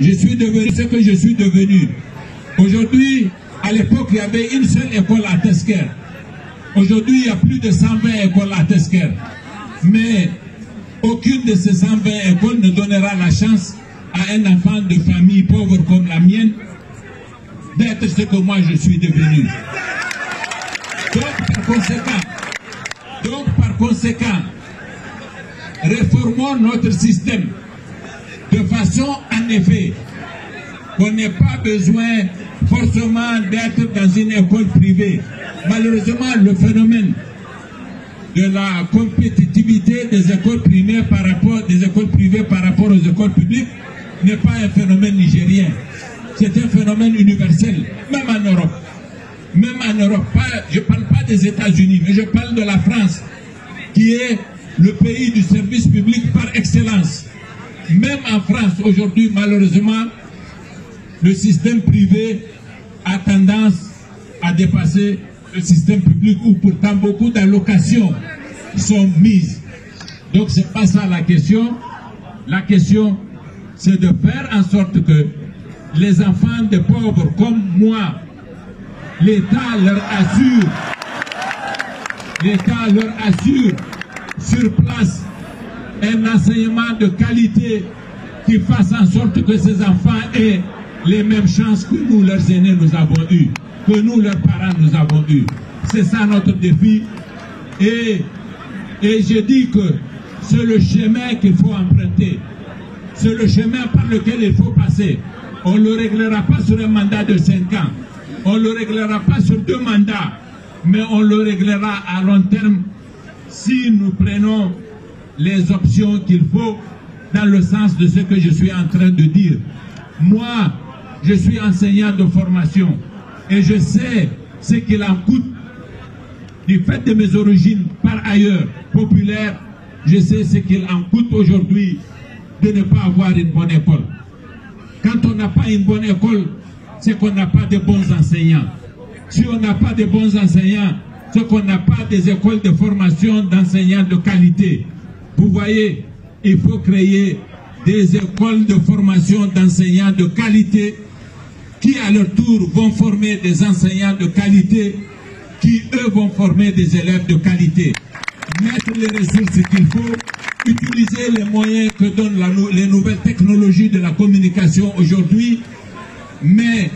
je suis devenu ce que je suis devenu. Aujourd'hui, à l'époque, il y avait une seule école à Tesker. Aujourd'hui, il y a plus de 120 écoles à Tesker. Mais aucune de ces 120 écoles ne donnera la chance à un enfant de famille pauvre comme la mienne d'être ce que moi je suis devenu. Donc par conséquent, donc par conséquent, réformons notre système en effet, on n'ait pas besoin forcément d'être dans une école privée. Malheureusement, le phénomène de la compétitivité des écoles primaires par rapport des écoles privées par rapport aux écoles publiques n'est pas un phénomène nigérien. C'est un phénomène universel, même en Europe. Même en Europe, je ne parle pas des États-Unis, mais je parle de la France, qui est le pays du service public par excellence. Même en France, aujourd'hui, malheureusement, le système privé a tendance à dépasser le système public où pourtant beaucoup d'allocations sont mises. Donc ce n'est pas ça la question. La question, c'est de faire en sorte que les enfants des pauvres comme moi, l'État leur assure, l'État leur assure sur place un enseignement de qualité qui fasse en sorte que ces enfants aient les mêmes chances que nous, leurs aînés, nous avons eues, que nous, leurs parents, nous avons eues. C'est ça notre défi. Et, et je dis que c'est le chemin qu'il faut emprunter. C'est le chemin par lequel il faut passer. On ne le réglera pas sur un mandat de 5 ans. On ne le réglera pas sur deux mandats. Mais on le réglera à long terme si nous prenons les options qu'il faut dans le sens de ce que je suis en train de dire. Moi, je suis enseignant de formation et je sais ce qu'il en coûte. Du fait de mes origines par ailleurs populaires, je sais ce qu'il en coûte aujourd'hui de ne pas avoir une bonne école. Quand on n'a pas une bonne école, c'est qu'on n'a pas de bons enseignants. Si on n'a pas de bons enseignants, c'est qu'on n'a pas des écoles de formation d'enseignants de qualité. Vous voyez, il faut créer des écoles de formation d'enseignants de qualité qui à leur tour vont former des enseignants de qualité qui eux vont former des élèves de qualité. Mettre les ressources qu'il faut, utiliser les moyens que donnent les nouvelles technologies de la communication aujourd'hui, mais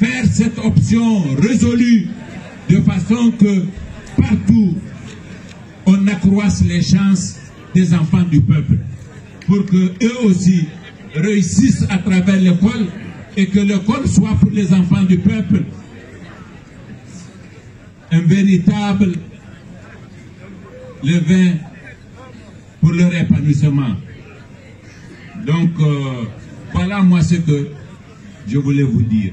faire cette option résolue de façon que partout on accroisse les chances des enfants du peuple pour que eux aussi réussissent à travers l'école et que l'école soit pour les enfants du peuple un véritable levain pour leur épanouissement. Donc, euh, voilà moi ce que je voulais vous dire.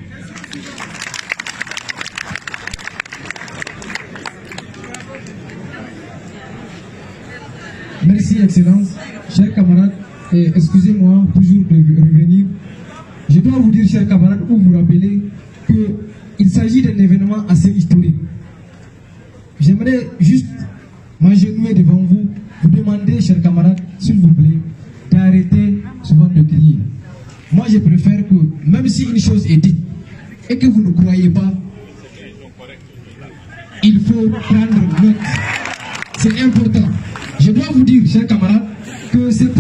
Merci, Excellence. Chers camarades, excusez-moi toujours de revenir. Je dois vous dire, chers camarades, ou vous rappeler qu'il s'agit d'un événement assez historique. J'aimerais juste m'agenouiller devant vous, vous demander, chers camarades, s'il vous plaît, d'arrêter souvent de crier. Moi, je préfère que, même si une chose est dite et que vous ne croyez pas, il faut prendre note. C'est important. Je dois vous dire chers camarades, cứ c'est